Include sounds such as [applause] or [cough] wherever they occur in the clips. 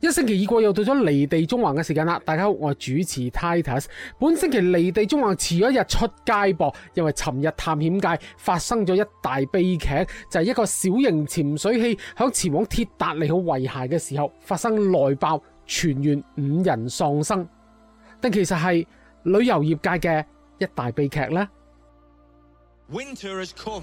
一星期已過，又到咗離地中環嘅時間啦！大家好，我係主持 Titus。本星期離地中環遲咗一日出街噃，因為尋日探險界發生咗一大悲劇，就係、是、一個小型潛水器響前往鐵達尼號遺骸嘅時候發生內爆，全員五人喪生。但其實係旅遊業界嘅一大悲劇呢。Winter has come.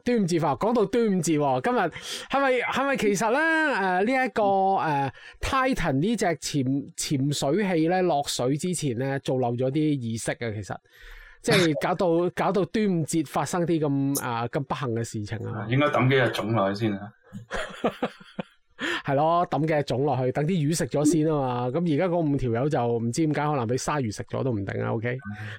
端午節發，講到端午節，今日係咪係咪其實咧誒呢一、呃這個誒、呃、Titan 呢隻潛潛水器咧落水之前咧做漏咗啲儀式啊，其實即係搞到 [laughs] 搞到端午節發生啲咁啊咁不幸嘅事情啊，應該抌幾隻糭落去先啊，係 [laughs] 咯，抌幾隻糭落去，等啲魚食咗先啊嘛，咁而家嗰五條友就唔知點解可能俾鯊魚食咗都唔定啊，OK。 [laughs]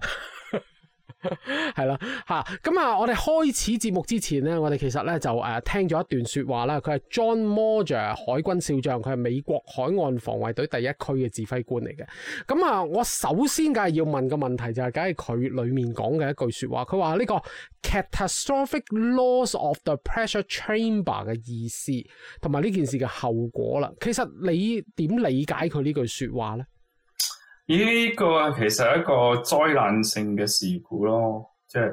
係咯，吓咁啊！我哋開始節目之前呢，我哋其實呢就誒聽咗一段說話啦。佢係 John Moore，海軍少將，佢係美國海岸防衛隊第一區嘅指揮官嚟嘅。咁、嗯、啊，我首先梗係要問個問題就係、是，梗係佢裏面講嘅一句說話。佢話呢個 catastrophic loss of the pressure chamber 嘅意思同埋呢件事嘅後果啦。其實你點理解佢呢句說話呢？呢個其實係一個災難性嘅事故咯，即係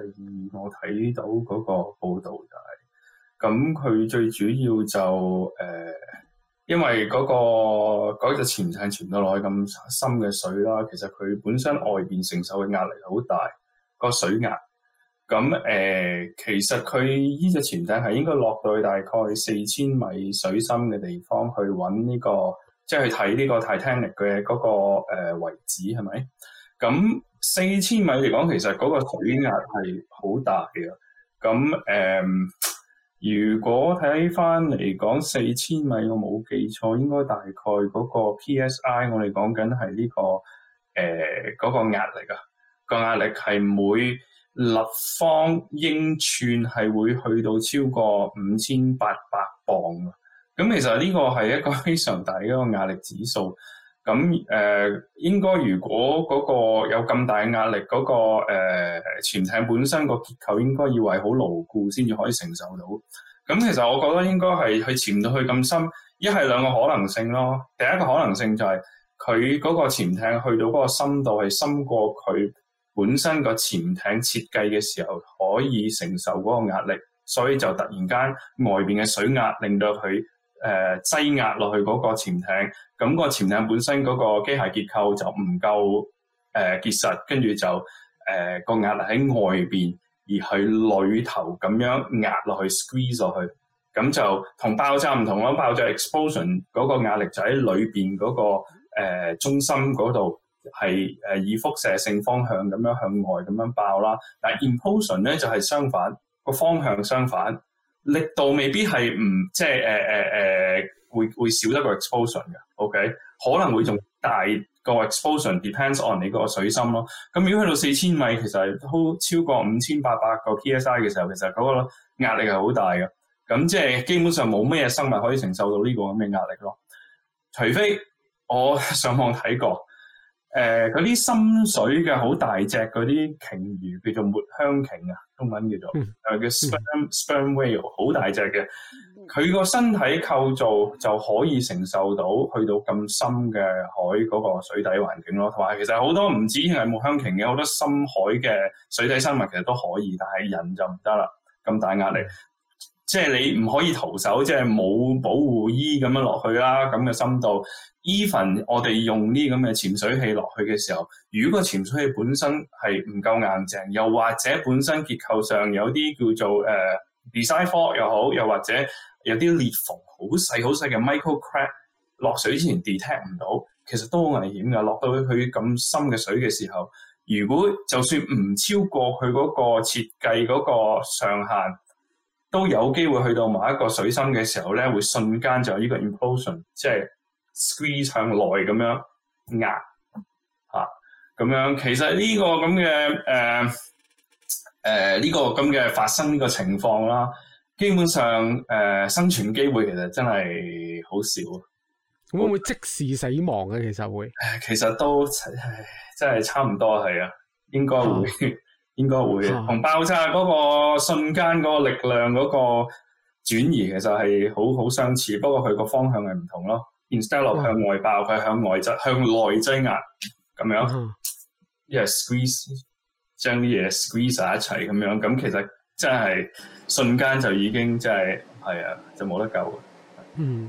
我睇到嗰個報道就係，咁佢最主要就誒，因為嗰個嗰隻潛艇傳到落去咁深嘅水啦，其實佢本身外邊承受嘅壓力好大個水壓，咁誒，其實佢呢隻潛艇係應該落到去大概四千米水深嘅地方去揾呢個。即係睇呢個 Titanic 嘅嗰、那個位置係咪？咁四千米嚟講，其實嗰個水壓係好大嘅。咁誒、呃，如果睇翻嚟講四千米，我冇記錯，應該大概嗰個 PSI 我哋講緊係呢個誒嗰個力啊。呃那個壓力係、那個、每立方英寸係會去到超過五千八百磅啊。咁其實呢個係一個非常大嘅一個壓力指數。咁誒、呃，應該如果嗰個有咁大嘅壓力，嗰、嗰個誒、呃、潛艇本身個結構應該要係好牢固先至可以承受到。咁其實我覺得應該係佢潛到去咁深，一係兩個可能性咯。第一個可能性就係佢嗰個潛艇去到嗰個深度係深過佢本身個潛艇設計嘅時候可以承受嗰個壓力，所以就突然間外邊嘅水壓令到佢。誒、呃、擠壓落去嗰個潛艇，咁、嗯那個潛艇本身嗰個機械結構就唔夠誒、呃、結實，跟住就誒個、呃、壓力喺外邊，而去裡頭咁樣壓落去 squeeze 落去，咁、嗯、就同爆炸唔同咯。爆炸 explosion 嗰個壓力就喺裡邊嗰、那個、呃、中心嗰度，係誒以輻射性方向咁樣向外咁樣爆啦。但係 implosion 咧就係、是、相反，那個方向相反。力度未必係唔即係誒誒誒會會少得個 exposure 嘅，OK？可能會仲大個 exposure，depends on 你個水深咯。咁如果去到四千米，其實超超過五千八百個 PSI 嘅時候，其實嗰個壓力係好大嘅。咁即係基本上冇咩生物可以承受到呢個咁嘅壓力咯。除非我上網睇過。誒啲、呃、深水嘅好大隻嗰啲鯨魚，叫做抹香鯨啊，中文叫做誒、 [noise] 呃、叫 sperm sperm whale，好大隻嘅，佢個身體構造就可以承受到去到咁深嘅海嗰個水底環境咯，同埋其實好多唔止係抹香鯨嘅，好多深海嘅水底生物其實都可以，但係人就唔得啦，咁大壓力。即係你唔可以徒手，即係冇保護衣咁樣落去啦。咁嘅深度，even 我哋用呢啲咁嘅潛水器落去嘅時候，如果個潛水器本身係唔夠硬淨，又或者本身結構上有啲叫做誒、uh, design flaw 又好，又或者有啲裂縫好細好細嘅 micro crack，落水之前 detect 唔到，其實都好危險嘅。落到去佢咁深嘅水嘅時候，如果就算唔超過佢嗰個設計嗰個上限。都有機會去到某一個水深嘅時候咧，會瞬間就有呢個 implosion 即係 squeeze 向內咁樣壓嚇咁樣。其實呢個咁嘅誒誒呢個咁嘅發生呢個情況啦，基本上誒、呃、生存機會其實真係好少。會唔會即時死亡嘅？其實會，其實都真係差唔多係啊，應該會。應該會同爆炸嗰個瞬間嗰個力量嗰個轉移其實係好好相似，不過佢個方向係唔同咯。Instead of、嗯、向外爆，佢向外擠，向內擠壓咁樣，嗯、一係 squeeze 將啲嘢 squeeze 曬一齊咁樣。咁其實真係瞬間就已經真係係啊，就冇得救。啊、嗯。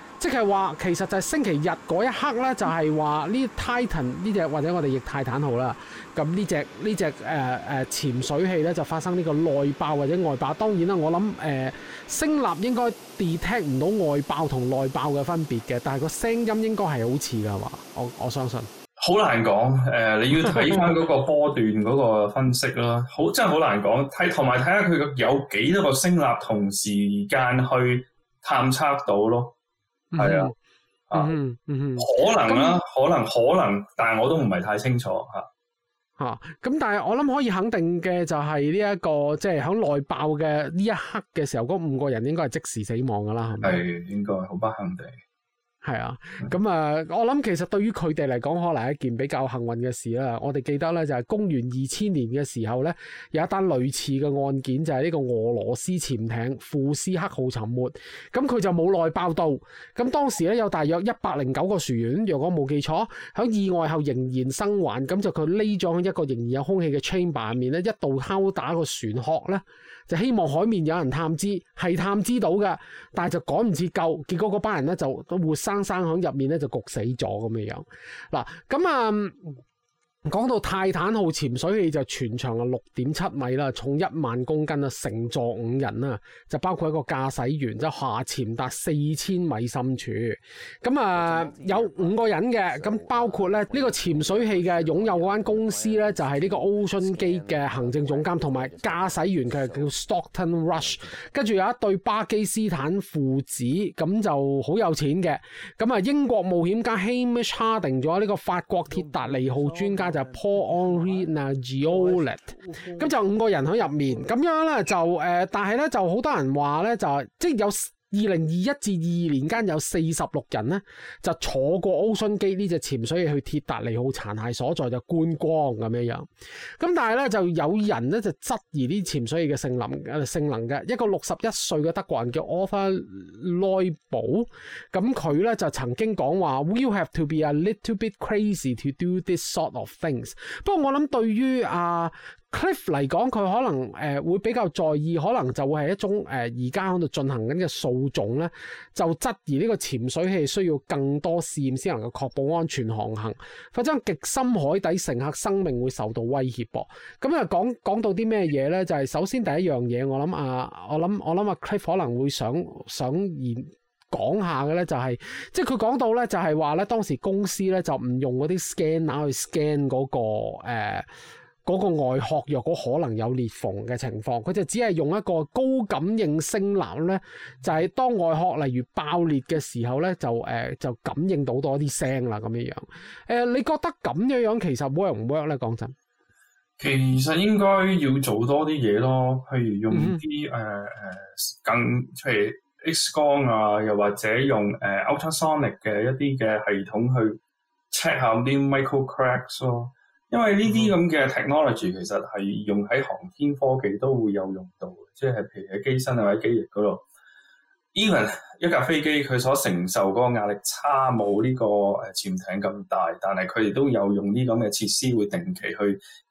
即係話，其實就係星期日嗰一刻咧，嗯、就係話呢 Titan 呢、這、隻、個、或者我哋譯泰坦號啦，咁呢隻呢隻誒誒潛水器咧就發生呢個內爆或者外爆。當然啦，我諗誒聲納應該 detect 唔到外爆同內爆嘅分別嘅，但係個聲音應該係好似㗎嘛。我我相信，好難講誒、呃。你要睇翻嗰個波段嗰個分析啦，好 [laughs] 真係好難講。係同埋睇下佢個有幾多個聲納同時間去探測到咯。係、嗯、啊，嗯嗯、啊、嗯，可能啦，可能可能，但係我都唔係太清楚吓，吓、啊，咁、啊、但係我諗可以肯定嘅就係呢一個即係響內爆嘅呢一刻嘅時候，嗰五個人應該係即時死亡㗎啦，係咪是？係吧應該好不幸地。係啊，咁啊，我諗其實對於佢哋嚟講，可能係一件比較幸運嘅事啦。我哋記得呢，就係公元二千年嘅時候呢，有一單類似嘅案件，就係、是、呢個俄羅斯潛艇庫斯克號沉沒，咁佢就冇內爆到。咁當時呢，有大約一百零九個船員，若果冇記錯，響意外後仍然生還，咁就佢匿咗喺一個仍然有空氣嘅 chamber 入面咧，一度敲打個船殼呢。就希望海面有人探知，係探知到嘅，但係就趕唔切救，結果嗰班人咧就活生生響入面咧就焗死咗咁嘅樣。嗱，咁啊～，嗯講到泰坦號潛水器就全長啊六點七米啦，重一萬公斤啦，乘坐五人啦，就包括一個駕駛員，即下潛達四千米深處。咁、嗯、啊有五個人嘅，咁包括咧呢個潛水器嘅擁有嗰間公司咧就係呢個 OceanGate 嘅行政總監，同埋駕駛員佢係叫 Stockton Rush，跟住有一對巴基斯坦父子，咁就好有錢嘅。咁、嗯、啊英國冒險家 Hamish Harding，咗呢個法國鐵達尼號專家。就 Paul-Henri Nargeolet 咁就五個人喺入面，咁樣咧就誒、呃，但係咧就好多人話咧就係即係有。二零二一至二二年間有四十六人呢就坐過 OceanGate 呢隻潛水器去鐵達尼號殘骸所在就觀光，咁樣樣，咁但係呢就有人呢就質疑啲潛水器嘅性能，誒性能嘅一個六十一歲嘅德國人叫 Arthur Loibl，咁佢呢就曾經講話 We have to be a little bit crazy to do this sort of things。不過我諗對於啊，Cliff 嚟講，佢可能誒、呃、會比較在意，可能就會係一種誒而家喺度進行緊嘅訴訟咧，就質疑呢個潛水器需要更多試驗先能夠確保安全航行。否則極深海底乘客生命會受到威脅噃。咁、嗯、啊，講講到啲咩嘢咧？就係、是、首先第一樣嘢，我諗啊，我諗我諗啊，Cliff 可能會想想而講下嘅咧、就是，就係即係佢講到咧，就係話咧，當時公司咧就唔用嗰啲 scan 拿去 scan 嗰、那個、呃嗰個外殼若果可能有裂縫嘅情況，佢就只係用一個高感應聲納咧，就係、是、當外殼例如爆裂嘅時候咧，就誒、呃、就感應到多啲聲啦咁樣樣。誒、呃，你覺得咁樣樣其實 work 唔 work 咧？講真，其實應該要做多啲嘢咯，譬如用啲誒誒更譬如 X 光啊，又或者用誒、呃、ultrasonic 嘅一啲嘅系統去 check 下啲 micro cracks 咯。因為呢啲咁嘅 technology 其實係用喺航天科技都會有用到，即係譬如喺機身啊、或者機翼嗰度。even 一架飛機佢所承受嗰個壓力差冇呢個誒潛艇咁大，但係佢哋都有用呢啲咁嘅設施，會定期去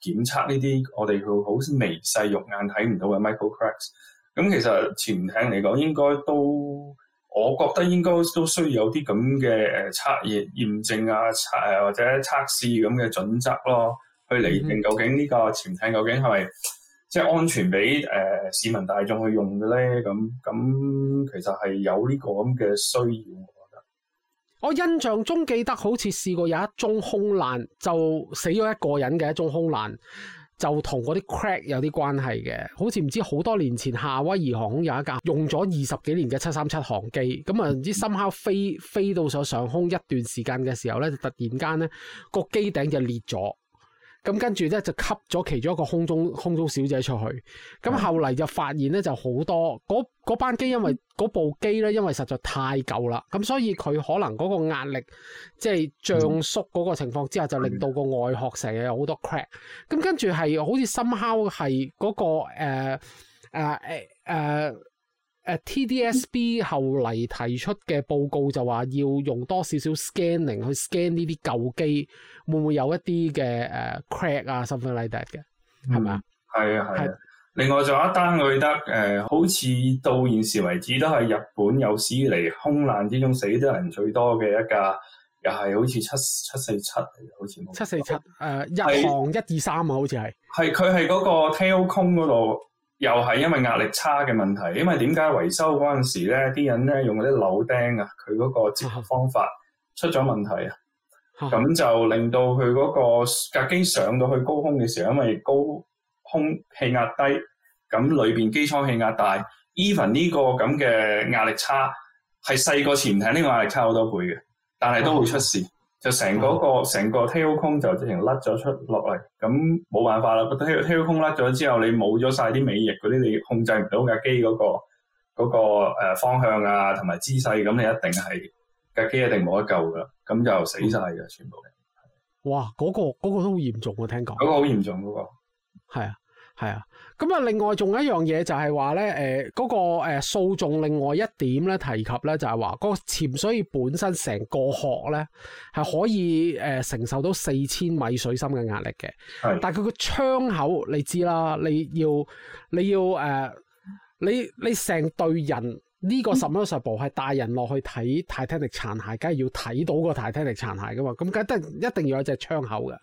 檢測呢啲我哋會好微細肉眼睇唔到嘅 micro cracks。咁、嗯、其實潛艇嚟講，應該都。我覺得應該都需要有啲咁嘅，誒測驗驗證啊，誒或者測試咁嘅準則咯，去釐定究竟呢個潛艇究竟係咪即係安全俾誒、呃、市民大眾去用嘅咧？咁咁其實係有呢個咁嘅需要。我覺得我印象中記得好似試過有一宗空難，就死咗一個人嘅一宗空難。就同嗰啲 crack 有啲關係嘅，好似唔知好多年前夏威夷航空有一架用咗二十幾年嘅七三七航機，咁啊唔知 somehow 飛飛到咗上空一段時間嘅時候咧，就突然間咧個機頂就裂咗。咁跟住咧就吸咗其中一個空中空中小姐出去，咁後嚟就發現咧就好多嗰班機，因為嗰部機咧因為實在太舊啦，咁所以佢可能嗰個壓力即係漲縮嗰個情況之下，就令到個外殼成日有好多 crack。咁跟住係好似深烤係嗰個誒誒誒誒誒、uh，TDSB 後嚟提出嘅報告就話要用多少少 scanning 去 scan 呢啲舊機，會唔會有一啲嘅誒 crack 啊，something like that 嘅、嗯，係咪啊？係啊係啊。另外仲有一單，我記得誒，好似到現時為止都係日本有史以嚟空難之中死得人最多嘅一架，又係好似七七四七，好似七四七誒、日、呃、航一二三是啊，好似係係佢係嗰個 tail cone 嗰度。又係因為壓力差嘅問題，因為點解維修嗰陣時咧，啲人咧用嗰啲扭釘啊，佢嗰個接合方法出咗問題啊，咁、嗯、就令到佢嗰個架機上到去高空嘅時候，因為高空氣壓低，咁裏邊機艙氣壓大，even 呢個咁嘅壓力差係細過潛艇呢個壓力差好多倍嘅，但係都會出事。嗯就成嗰個成、嗰個哦、個 tail cone 就直情甩咗出落嚟，咁冇辦法啦。嗰個 t tail cone 甩咗之後，你冇咗晒啲尾翼嗰啲，你控制唔到架機嗰個、嗰個誒方向啊，同埋姿勢，咁你一定係架機一定冇得救噶啦，咁就死晒嘅、嗯、全部。哇！嗰、嗰個嗰、嗰個都好嚴重喎，聽講。嗰個好嚴重，嗰、嗰個係啊。係啊，咁啊，另外仲有一樣嘢就係話呢，誒嗰個誒訴訟另外一點呢，提及呢就係話個潛水本身成個殼呢，係可以誒承受到四千米水深嘅壓力嘅，的但係佢個窗口你知啦，你要你要誒你你成隊人。呢個十蚊十部係帶人落去睇泰坦尼克殘骸，梗係要睇到個泰坦尼克殘骸噶嘛，咁梗一定一定要有隻窗口嘅。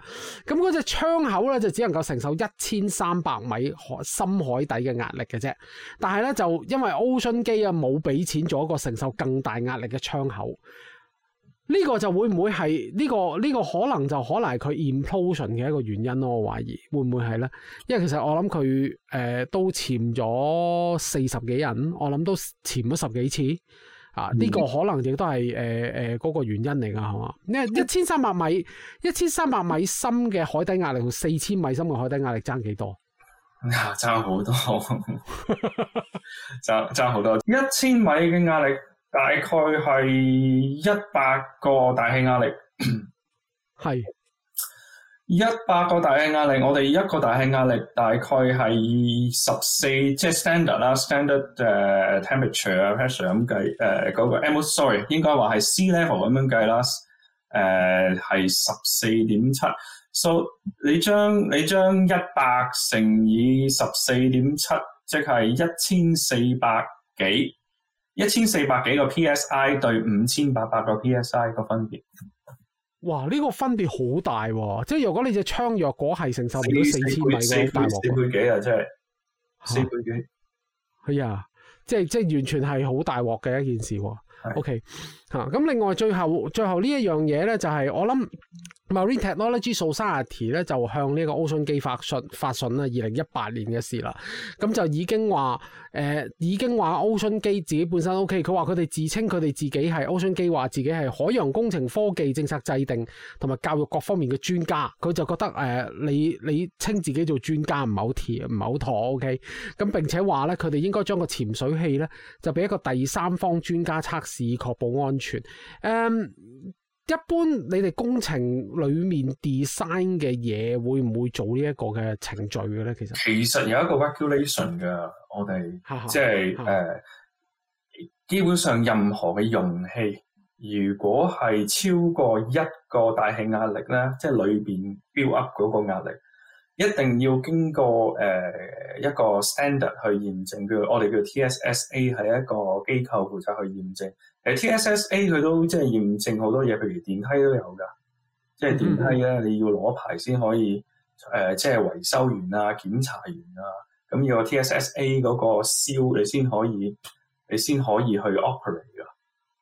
咁嗰隻窗口咧就只能夠承受一千三百米深海底嘅壓力嘅啫。但係咧就因為 Ocean 機啊冇俾錢做一個承受更大壓力嘅窗口。呢個就會唔會係呢、這個呢、這個可能就可能係佢 implosion 嘅一個原因咯，我懷疑會唔會係呢？因為其實我諗佢誒都潛咗四十幾人，我諗都潛咗十幾次啊！呢、這個可能亦都係誒誒嗰個原因嚟㗎，係嘛？因為一千三百米、一千三百米深嘅海底壓力同四千米深嘅海底壓力爭幾多，呃、多？爭 [laughs] 好多，爭爭好多一千米嘅壓力。大概係一百個大氣壓力，係一百個大氣壓力。我哋一個大氣壓力大概係十四，即係 standard 啦，standard 誒 temperature 啊，pressure 咁計誒，嗰個 m sorry 應該話係 C level 咁樣計啦。誒，uh，係十四點七，so 你將你將一百乘以十四點七，即係一千四百幾。一千四百幾個 psi 對五千八百個 psi，個分別，哇！呢個分別好大喎，啊，即係如果你隻槍若果係承受唔到四千 4, 4, 米嘅好大鑊。四倍幾啊，真係四倍幾，係 [noise] 啊，即係即係完全係好大鑊嘅一件事，啊。O.K. 嚇、啊，咁另外最後最後一呢一樣嘢咧，就係、是、我諗 Marine Technology Society 咧就向呢個 OceanGate 發信發信啦，二零一八年嘅事啦，咁、嗯、就已經話誒、呃、已經話 OceanGate 自己本身 O.K. 佢話佢哋自稱佢哋自己係 OceanGate 話自己係海洋工程科技政策制定同埋教育各方面嘅專家，佢就覺得誒、呃、你你稱自己做專家唔係好貼，唔係好妥 O.K. 咁並且話咧，佢哋應該將個潛水器咧就俾一個第三方專家測試。是確保安全。誒、um，一般你哋工程裡面 design 嘅嘢，會唔會做呢一個嘅程序嘅咧？其實其實有一個 regulation 嘅，我哋即係誒，基本上任何嘅容器，如果係超過一個大氣壓力咧，即係裏邊 build up 嗰個壓力。一定要經過誒、呃、一個 standard 去驗證，譬如我哋叫 TSSA 係一個機構負責去驗證。誒 TSSA 佢都即係驗證好多嘢，譬如電梯都有㗎，即係電梯咧你要攞牌先可以誒、呃，即係維修完啊、檢查完啊，咁要 TS 個 TSSA 嗰個銷你先可以，你先可以去 operate 㗎，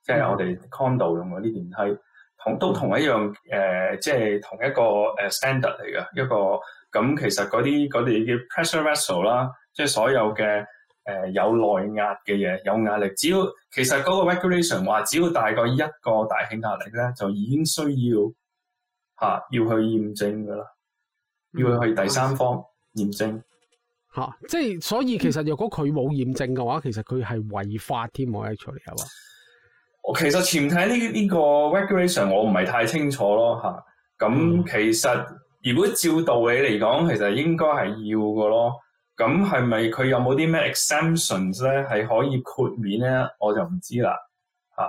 即係我哋 condo 用嗰啲電梯，同都同一樣誒、呃，即係同一個誒 standard 嚟㗎一個。咁其實嗰啲嗰啲叫 pressure vessel 啦，即係所有嘅誒、呃、有內壓嘅嘢有壓力，只要其實嗰個 regulation 話，只要大概一個大氣壓力咧，就已經需要吓、啊，要去驗證噶啦，要去第三方驗證嚇、嗯啊。即係所以其實若果佢冇驗證嘅話，其實佢係違法添冇 actually 係嘛？我、嗯啊、其實前睇呢呢個 regulation，這個、我唔係太清楚咯吓。咁其實。啊嗯嗯如果照道理嚟講，其實應該係要嘅咯。咁係咪佢有冇啲咩 exemptions 咧？係可以豁免咧？我就唔知啦。嚇、啊、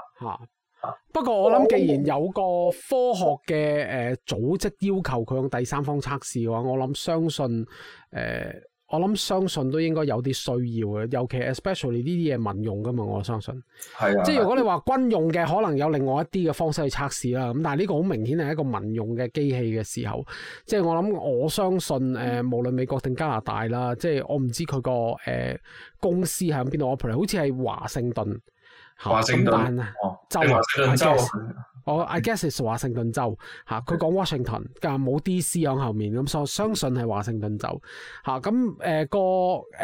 嚇。啊、不過我諗，既然有個科學嘅誒、呃、組織要求佢用第三方測試嘅話，我諗相信誒。呃我諗相信都應該有啲需要嘅，尤其 especially 呢啲嘢，民用㗎嘛，我相信。係、啊、即係如果你話軍用嘅，可能有另外一啲嘅方式去測試啦。咁但係呢個好明顯係一個民用嘅機器嘅時候，即係我諗我相信，誒、呃，無論美國定加拿大啦，即係我唔知佢個誒公司喺邊度 operate，好似係華盛頓。華盛頓啊，嗯哦、州。州州州我、oh, I guess is 華盛頓州嚇，佢講 Washington，但冇 D.C. 響後面，咁所以相信係華盛頓州嚇。咁誒個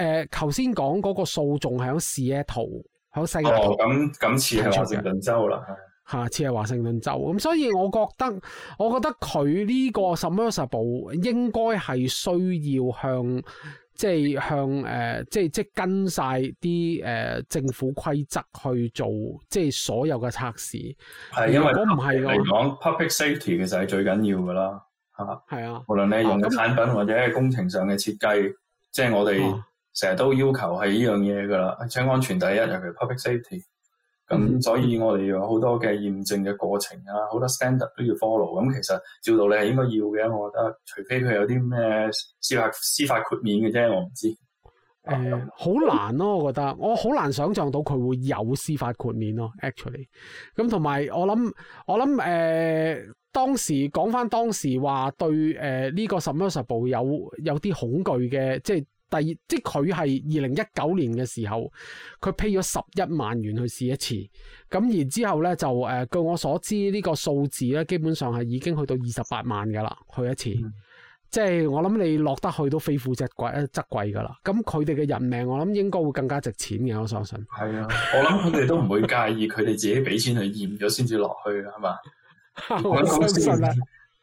誒頭先講嗰個訴訟係響 Seattle，響西雅圖。哦，咁咁似係華盛頓州啦，嚇似係華盛頓州。咁所以我覺得，我覺得佢呢個 submersible 應該係需要向。即係向誒、呃，即係即係跟晒啲誒政府規則去做，即係所有嘅測試。係對因為我唔係講，public safety 其實係最緊要㗎啦，嚇。係啊，無論你係用嘅產品或者係工程上嘅設計，啊、即係我哋成日都要求係呢樣嘢㗎啦。即、啊、安全第一，尤其 public safety。咁、嗯、所以我哋有好多嘅驗證嘅過程啊，好多 standard 都要 follow。咁其實照道理係應該要嘅，我覺得，除非佢有啲咩司法司法豁免嘅啫，我唔知。誒、呃，好、啊、難咯、啊，我覺得，我好難想像到佢會有司法豁免咯、啊。Actually，咁同埋我諗，我諗誒、呃、當時講翻當時話對誒呢、呃這個 submersible 有有啲恐懼嘅，即係。第二，即佢係二零一九年嘅時候，佢批咗十一萬元去試一次，咁然之後呢，就誒、呃，據我所知、這個、數呢個數字咧，基本上係已經去到二十八萬噶啦，去一次，嗯、即係我諗你落得去都非富則貴，則貴噶啦。咁佢哋嘅人命，我諗應該會更加值錢嘅，我相信。係啊， [laughs] 我諗佢哋都唔會介意，佢哋自己俾錢去驗咗先至落去，係嘛？我諗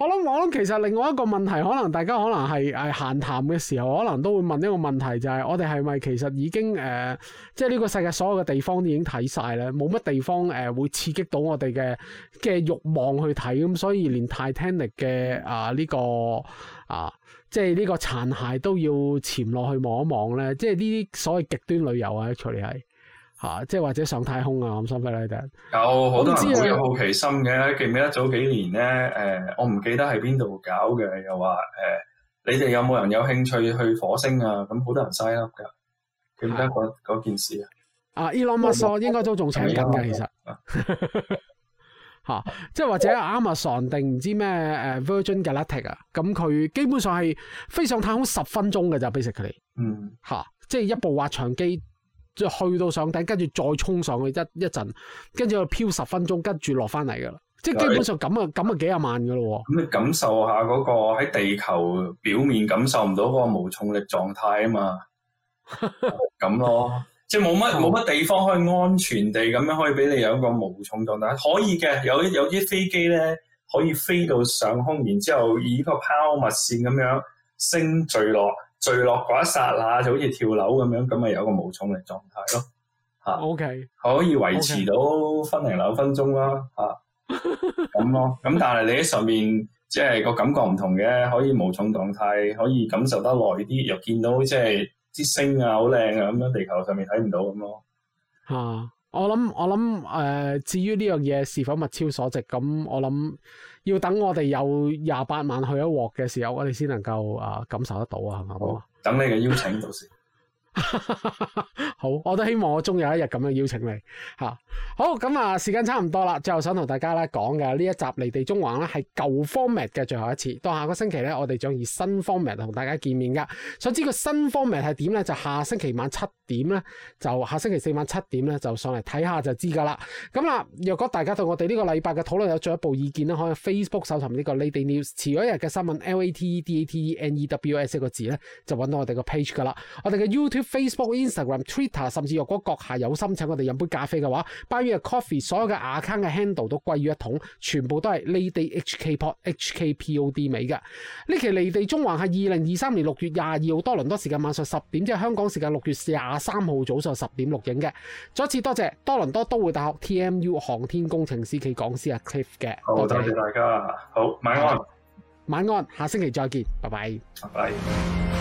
我諗我諗，其實另外一個問題，可能大家可能係誒閒談嘅時候，可能都會問一個問題，就係、是、我哋係咪其實已經誒，即係呢個世界所有嘅地方已經睇晒咧，冇乜地方誒、呃、會刺激到我哋嘅嘅慾望去睇，咁所以連 Titanic 嘅啊呢、呢個啊即係呢個殘骸都要潛落去望一望咧，即係呢啲所謂極端旅遊啊，除你係。吓，即係或者上太空啊！我唔想俾你哋有好多人好有好奇心嘅，記唔記得早幾年咧？誒、呃，我唔記得喺邊度搞嘅，又話誒、呃，你哋有冇人有興趣去火星啊？咁好多人 sign up 噶，記唔記得嗰的件事啊？啊，Elon Musk 應該都仲請緊嘅，其實吓，即係或者 Amazon 定唔知咩誒 Virgin Galactic 啊？咁佢基本上係飛上太空十分鐘嘅咋 Basically，嗯吓、啊，即係一部滑翔機。即係去到上頂，跟住再衝上去一一陣，跟住又飄十分鐘，跟住落翻嚟嘅啦。即係基本上咁啊咁啊幾廿萬嘅咯。咁你感受下嗰個喺地球表面感受唔到嗰個無重力狀態啊嘛，咁 [laughs] 咯。即係冇乜冇乜地方可以安全地咁樣可以俾你有一個無重狀態。可以嘅，有有啲飛機咧可以飛到上空，然之後以個拋物線咁樣升墜落。墜落嗰一剎那就好似跳樓咁樣，咁咪有一個無重力狀態咯，吓 Okay.、啊，可以維持到分零兩分鐘啦、啊，吓、啊，咁 [laughs] 咯。咁但係你喺上面，即係個感覺唔同嘅，可以無重狀態，可以感受得耐啲，又見到即係啲星啊，好靚啊，咁樣地球上面睇唔到咁咯。吓、啊，我諗我諗，誒、呃，至於呢樣嘢是否物超所值，咁我諗。要等我哋有廿八萬去一鑊嘅時候，我哋先能夠啊、呃、感受得到啊，係咪啊？吧等你嘅邀請到時。 [laughs] [laughs] 好，我都希望我終有一日咁樣邀請你吓、啊。好，咁、嗯、啊，時間差唔多啦。最後想同大家啦講嘅呢一集離地縱橫咧係舊 format 嘅最後一次。到下個星期咧，我哋將以新 format 同大家見面噶。想知個新 format 係點咧？就下星期晚七點咧，就下星期四晚七點咧就上嚟睇下就知噶啦。咁啦，若果大家對我哋呢個禮拜嘅討論有進一步意見咧，可以 Facebook 搜尋呢個 Late Date News，遲咗一日嘅新聞 L A T E D A T E N E W S 一個字咧，就搵到我哋個 page 噶啦。我哋嘅 YouTube。Facebook、Instagram、Twitter，甚至若果閣下有心請我哋飲杯咖啡嘅話，Buy a coffee，所有嘅 account 嘅 handle 都歸於一統，全部都係 LateDate HKPod HKPod 尾嘅。呢期離地縱橫係二零二三年六月廿二號多倫多時間晚上十點，即係香港時間六月廿三號早上十點錄影嘅。再次多謝多倫多都會大學 TMU 航天工程師暨、啊、講師阿 Cliff 嘅。多謝，謝，謝大家。好，晚安、啊。晚安，下星期再見，拜拜。拜，拜。